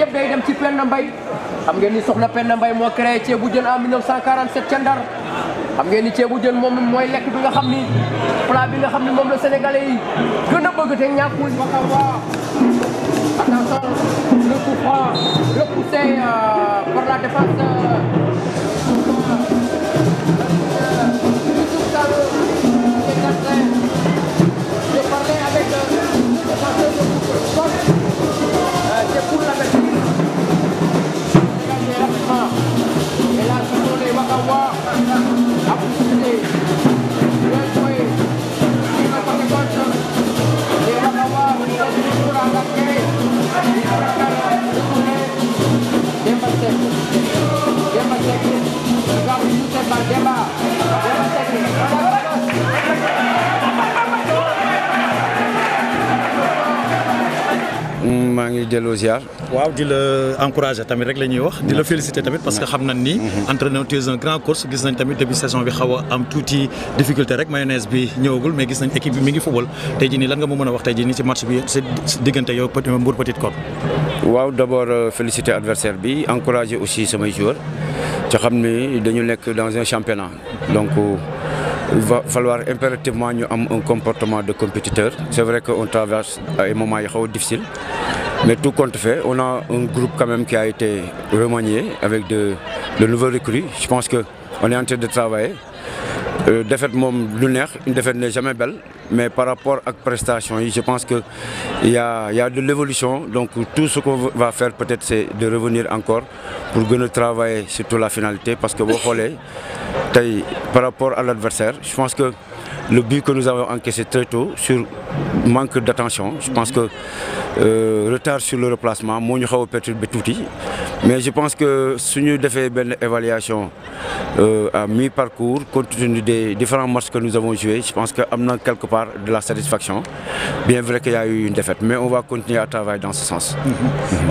yëpp day dem ci Penda Mbaye xam ngeen ni soxna Penda Mbaye moo créé ceebu jën en 1947 ca Ndar xam ngeen ni ceebu jën moom mooy lekk bi nga xam ni plat bi nga xam ni moom la sénégalais yi gën a bëgg te ñàkkul attention le coup franc repoussé euh, par la défense euh, maa ngi delloo ziar. waaw di la encouragé tamit rek la wax. di la tamit parce que xam nañ ni. Mhm. entraîneur tu es un grand course gis nañ tamit début saison bi xaw a am tuuti difficulté rek mayonnaise bi ñëwagul mais gis nañ équipe bi mi football tey jii nii lan nga ma mën a wax tey jii nii ci match bi sa diggante yow Mbour Petite Côte. waaw d' abord euh, félicité adversaire bi encourager aussi samay joueurs ci xam ni dañu nekk dans un championnat donc. il euh, va falloir impérativement ñu am un comportement de compétiteur c'est vrai que on traverse ay moments yi xaw difficile mais tout compte fait, on a un groupe quand même qui a été remanié avec de, nouveaux recrues. Je pense qu'on est en train de travailler. Euh, défaite lunaire, une défaite n'est jamais belle, mais par rapport à la prestation, je pense qu'il y, a, de l'évolution. Donc tout ce qu'on va faire peut-être c'est de revenir encore pour que nous travailler surtout la finalité. Parce que vous voyez, par rapport à l'adversaire, je pense que le but que nous avons encaissé très tôt sur manque d'attention je pense que euh, retard sur le replacement moo ñu xaw tout mais je pense que si nous fait une évaluation euh, à mi-parcours, compte tenu des différents matchs que nous avons joués, je pense y a quelque part de la satisfaction. Bien vrai qu'il y a eu une défaite, mais on va continuer à travailler dans ce sens.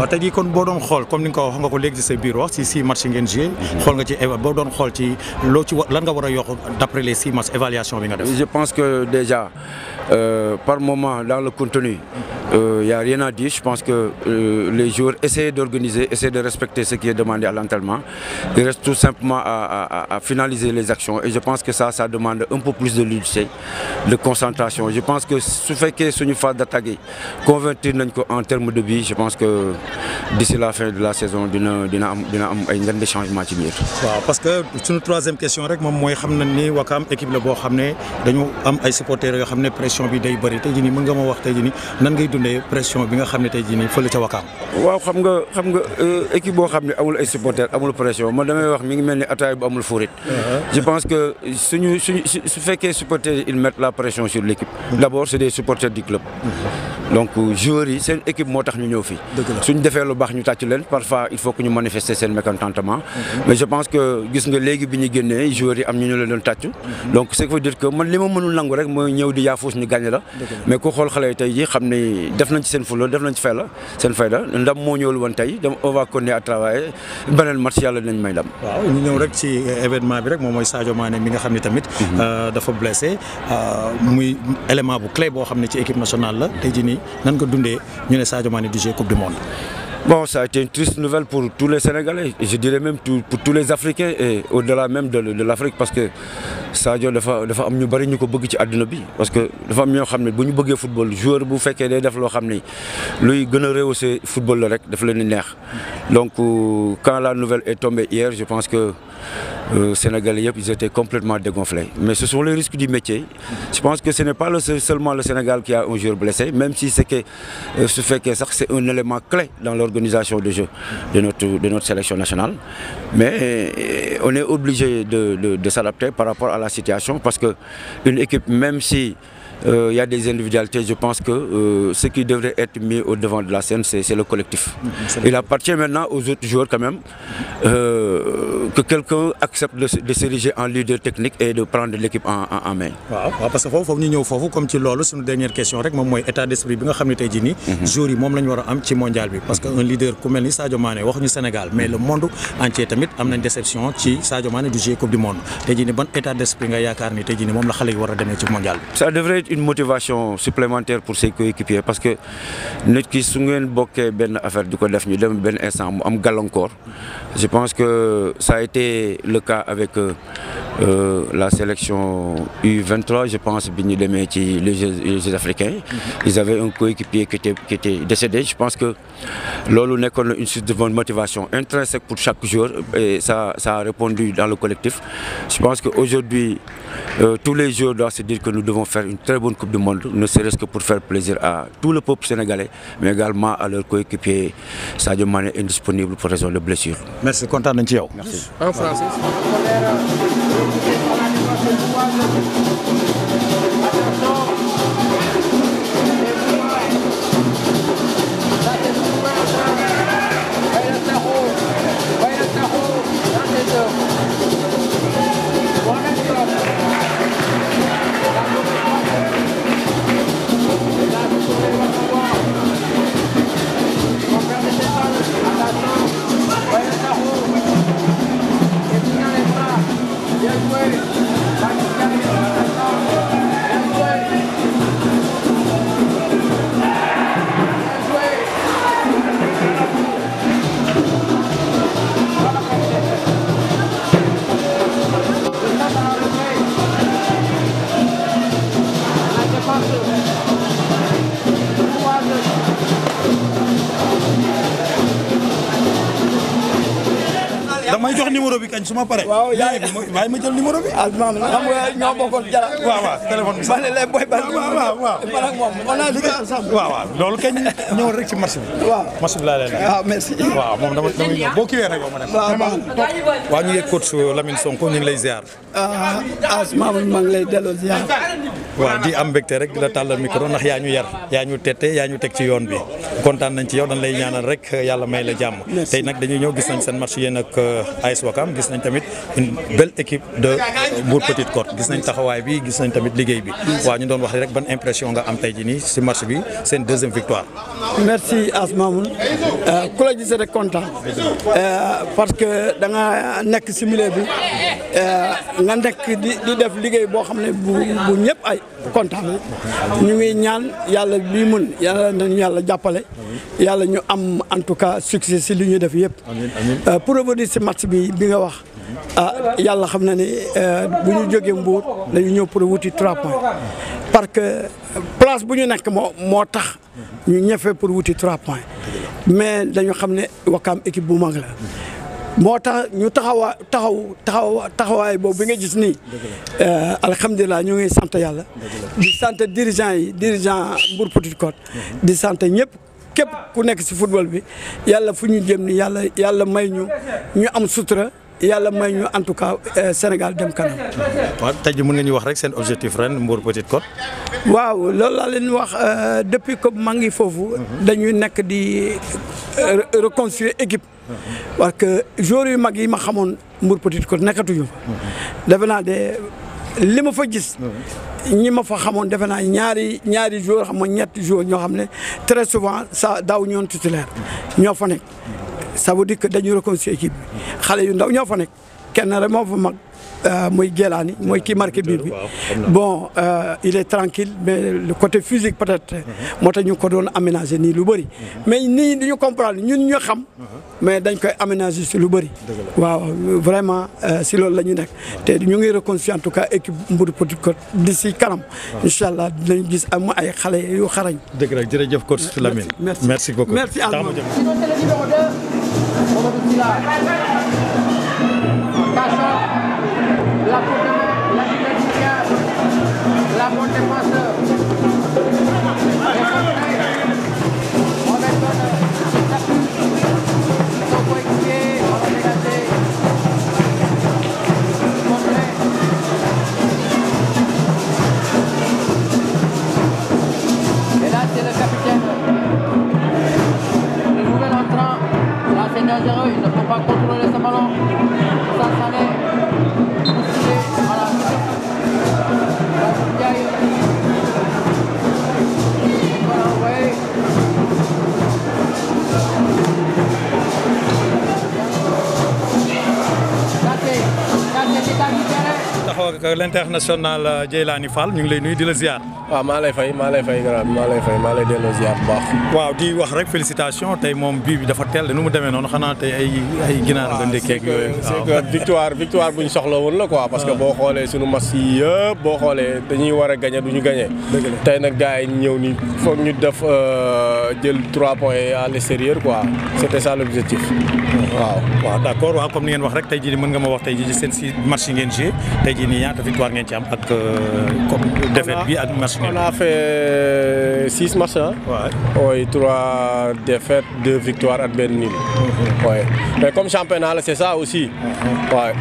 Tu as dit que comme nous avons dit, c'est bureau, si 6 matchs ont joué, mm-hmm. d'après les 6 matchs, évaluation Je pense que déjà, euh, par moment, dans le contenu, mm-hmm il euh, n'y a rien à dire. Je pense que euh, les joueurs essayent d'organiser, essayent de respecter ce qui est demandé à l'entraînement. Il reste tout simplement à, finaliser les actions. Et je pense que ça, ça demande un peu plus de lucidité, de concentration. Je pense que ce fait que ce phase d'attaquer, convaincu en termes de billes, je pense que d'ici la fin de la saison, il y changements un changement. Parce que c'est une troisième question, que je sais que Wakam, l'équipe de Bohamne, nous avons des supporters qui ont pression, qui ont des de qui ni des dundee pression bi nga xamné ne tey jii nii fële ca waaw xam nga xam nga euh, équipe bo xamné amul ay supporters amul pression man damay wax mi ngi melni atay bu amul fourit uh-huh. je pense que suñu suñu su fekké supporters ils mettent la pression sur l'équipe mm-hmm. d'abord c'est des supporters du club. Mm-hmm. donc euh, joueur yi seen équipe motax ñu ñëw fi suñu défé lu bax ñu tàcc leen parfois il faut que ñu manifester seen mécontentement. Mm-hmm. mais je pense que gis nga légui biñu gënné joueur yi am ñu ñu leen doon tàcc. donc c'est qui veut dire que man li ma mënul nangu rek mooy ñëw di yaafuus ñu gagné la. mais ko xol xalé tey ji xam def nañ ci seen fulla def nañ ci la seen fayda ndam moo ñëwul woon tey donc on va continuer à travailler beneen match yàlla dinañ may ndam. waaw ñu ñëw rek ci événement bi rek moom mooy Sadio Mané mi nga xam ne tamit. Mhm. Euh, dafa blessé euh, muy élément bu clé boo xam ne ci équipe nationale la tey ci nii nan ko dundee ñu ne Sadio Mané du jeu coupe du monde. Bon, ça a été une triste nouvelle pour tous les Sénégalais, je dirais même pour tous les Africains et au-delà même de, l'Afrique parce que ça a dafa am ñu bari ñu parce que dafa am ñoo xam ne bu football joueur bu fekkee day def loo Lui Lui, luy football rek donc euh, quand la nouvelle est tombée hier je pense que euh, sénégalais, ils étaient complètement dégonflés. Mais ce sont les risques du métier. Je pense que ce n'est pas seulement le Sénégal qui a un joueur blessé, même si c'est que, euh, ce fait que ça c'est un élément clé dans l'organisation jeu de notre, de notre sélection nationale. Mais euh, on est obligé de, de s'adapter par rapport à la situation parce qu'une équipe, même si il euh, y a des individualités, je pense que euh, ce qui devrait être mis au devant de la scène, c'est le collectif. Mm, il appartient maintenant aux autres joueurs quand même euh, que quelqu'un accepte de, se s'ériger en leader technique et de prendre l'équipe en, en, main. waaw parce que vous, foofu ñu ñëw foofu comme ci c'est une dernière question rek moom état d'esprit bi nga xam ne tey jii nii. Mhm. joueurs la am ci mondial parce que un leader ku mel Sadio Mané au Sénégal mais le monde entier tamit am une déception ci Sadio Mané du jouer coupe du monde tey bon, état d'esprit nga y ni tey jii nii la xale yi mondial ça devrait une motivation supplémentaire pour ses coéquipiers parce que nous qui affaire je pense que ça a été le cas avec euh, euh, la sélection U23 je pense que les Jeux africains mm-hmm. ils avaient un coéquipier qui était décédé je pense que Lolo nous une motivation intrinsèque pour chaque joueur et ça a répondu dans le collectif je pense que euh, tous les joueurs doivent se dire que nous devons faire une très bonne Coupe du Monde, ne serait-ce que pour faire plaisir à tout le peuple sénégalais, mais également à leurs coéquipiers. Sadio Mané indisponible pour raison de blessure. Merci, content de Merci. En jox numéro bi kañ su ma pare. waaw yaay waaye ma jël numéro bi. ah non xam ah, nga ñoo bokkoon jara. waaw waaw téléphone bi. ma ne lay boy ban. Ah, waaw waaw man ak moom a liggéey ensemble. kañ ñëw rek ci marché bi. waaw marché bi laa leen. waaw ah, merci. waaw moom dama dama ñëw boo kiiwee rek yow ma dem. waaw waaw. waa ñu ngi coach Lamine Sonko ñu ngi lay ziar. ah asmaa maa waaw di am mbégte rek di la tàllal micro ndax yaa ñu yar yaa ñu tette yaa ñu teg ci yoon bi kontaan nañ ci yow dañ lay ñaanal rek yàlla may la jàmm tey nag dañuy ñëw gis nañ seen match yéen ak euh, AS Ouakam gis nañ tamit une belle équipe de Mbour Petite Côte gis nañ taxawaay bi gis nañ tamit liggéey bi waaw ñu doon wax rek ban impression nga am tey ji nii si match bi seen deuxième victoire merci Asmamoun euh, ku la gisee rek kontaan euh, parce que da nekk si Euh, nga nekk di def liggéey boo xam ne bu bu ñëpp ay kontaan ñu ngi ñaan yàlla luy mën yàlla nañu yàlla jàppale yàlla ñu am en tout cas succès si li ñuy def yëpp euh, pour revenir si match bi bi nga wax ah yàlla xam na ne euh, bu ñu jógee Mbour dañu ñëw pour wuti trois points parce que place bu ñu nekk moo moo tax ñu ñefe pour wuti trois points mais dañu xam ne Wakaam équipe bu mag la moo tax ñu taxawaa taxaw taxaw taxawaay boobu bi nga gis nii euh, alhamdulilah ñu ngi sant yàlla di sant dirigeant yi dirigeant Mbour Petite Côte mhm. di sant ñëpp képp ku nekk si football bi yàlla fu ñu jëm ni yàlla yàlla may ñu ñu am sutura yàlla may ñu en tout cas euh, Sénégal dem kanam. Mhm. waaw tey jii mën nga ñu wax rek seen objectif ren Mbour Petite Côte. waaw loolu laa leen wax euh, depuis que maa ngi foofu. Mhm. dañuy nekk di reconstruire équipe. parce que joueurs yu mag yi ma xamoon Mbour Petite Côte nekkatuñu fa. defe naa de li ma fa gis. ñi ma fa xamoon defe naa ñaari ñaari joueurs xam nga ñetti joueurs ñoo xam ne très souvent sa daaw ñoon titulaire ñoo fa nekk. ça veut dire que dañu reconstitué équipe xale yu ndaw ñoo fa nekk kenn rek moo fa mag. Euh, moi Guelani moi qui marqué biir bi bon euh, il est tranquille mais le côté physique peut-être mhm. moo tax ñu ko doon aménager ni lu bëri mhm. mais nii dañu comprendre ñun ñu xam mhm. mais dañ koy aménager sur lu bëri waaw vraiment euh, si loolu Nous ñu nekk ñu ngi en tout cas équipe Mbour Petite Côte d'ici kanam incha allah dinañ gis am ay xale yu xarañ dëgg la jërëjëf coach Lamine merci beaucoup merci à vous la coordination, la bonne défense. ak l'international euh, Dieylaani Fall ñu ngi lay nuyu di la ziar. waaw ah, maa lay fay maa lay fay garaam maa lay baax. waaw di wax rek félicitation tey moom bii bi dafa teel nu mu demee noonu xanaa tey ay ay ginaar nga ah, ndékkeeg yooyu. c'est que victoire victoire soxla woon la quoi. parce que ah. boo xoolee sunu match yi yëpp boo xoolee dañuy war a gagné du ñu gagné. tey nag gars ñëw ni foog ñu def euh, jël trois points à l'extérieur quoi c'était ça l'objectif. waaw waaw d'accord waaw comme ni ngeen wax rek tey jii mën nga ma wax tey jii seen si match yi ngeen joué tey jii nii ñaata victoire ngeen ci am ak euh, matchs On a fait 6 euh, matchs. Hein? Ouais. Oui, 3 défaites, 2 victoires à Ben Nil. Mhm. Ouais. Mais comme championnat, c'est ça aussi. Mhm. Ouais.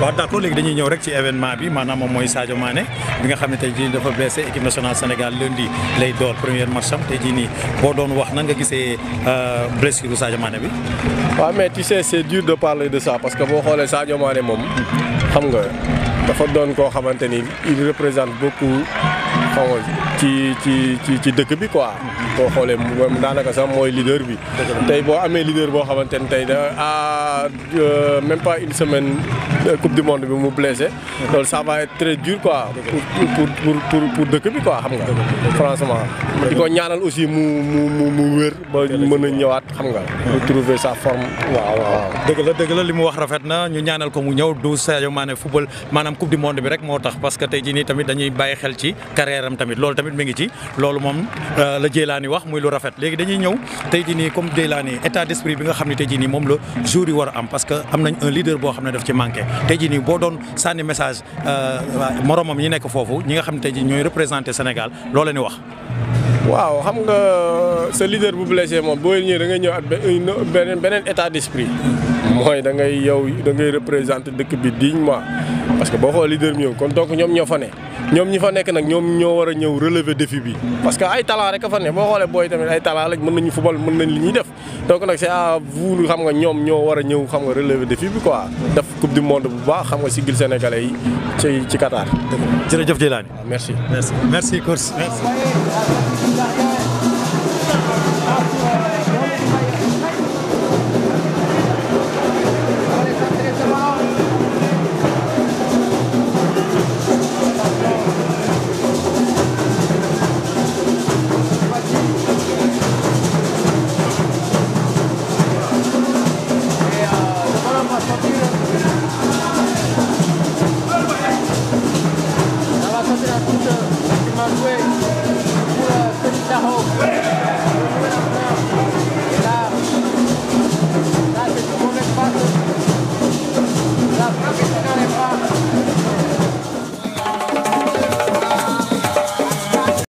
waaw d'accord léegi dañuy ñëw rek ci événement bi maanaam moom mooy Sadio Mané bi nga xam ne tey dafa blessé équipe nationale Sénégal lundi lay door première match am tey jii nii boo doon wax nan nga gisee euh, blessure bu Sadio Mané bi. waaw mais tu sais c'est dur de parler de ça parce que boo xoolee Sadio Mané moom xam nga dafa doon koo xamante il représente beaucoup. xaw ci ci ci ci dëkk bi quoi boo xoolee daanaka sax mooy leader bi tey boo amee leader boo xamante ne tey da à euh, même pas une semaine euh, coupe du monde bi mu blessé loolu ça va être très dur quoi pour pour pour pour, pour bi quoi xam nga franchement di ko ñaanal aussi mu mu mu mu wér ba mën a ñëwaat xam nga mu trouver sa forme waaw waaw dëgg la dëgg la li mu wax rafet na ñu ñaanal ko mu ñëw du Sadio Mané football maanaam coupe du monde bi rek moo tax parce que tey jii nii tamit dañuy bàyyi xel ci kan carrière am tamit loolu tamit mi ngi ci loolu moom euh, la Jeylaani wax muy lu rafet léegi dañuy ñëw tey jii nii comme Jeylaani état d'esprit bi nga xam ne tey jii nii moom la a am parce que am nañ boo xam ne daf ci tey jii nii boo doon sànni message euh, moromam ñi nekk foofu ñi nga xam ne tey jii ñooy représenté Sénégal loolu la ñu wax. waaw xam nga sa leader bu blessé moom boo ñëwee da ngay ñëw at euh, beneen beneen état d'esprit hmm. mooy da ngay yow da ngay représenté dëkk bi dignement parce que boo xoolee leader mi ñëw kon donc ñoom ñoo fa ne ñoom ñi fa nekk nag ñoom ñoo war a ñëw relever défi bi. parce que ay talent rek a fa ne boo xoolee booy tamit ay talent lañ mën nañu football mën nañ li ñuy def donc nag c'est à vous xam nga ñoom ñoo war a ñëw xam nga releve défi bi quoi. def coupe du monde bu baax xam nga si gil sénégalais yi ci ci Qatar. jërëjëf Djilane. merci merci merci Course. merci.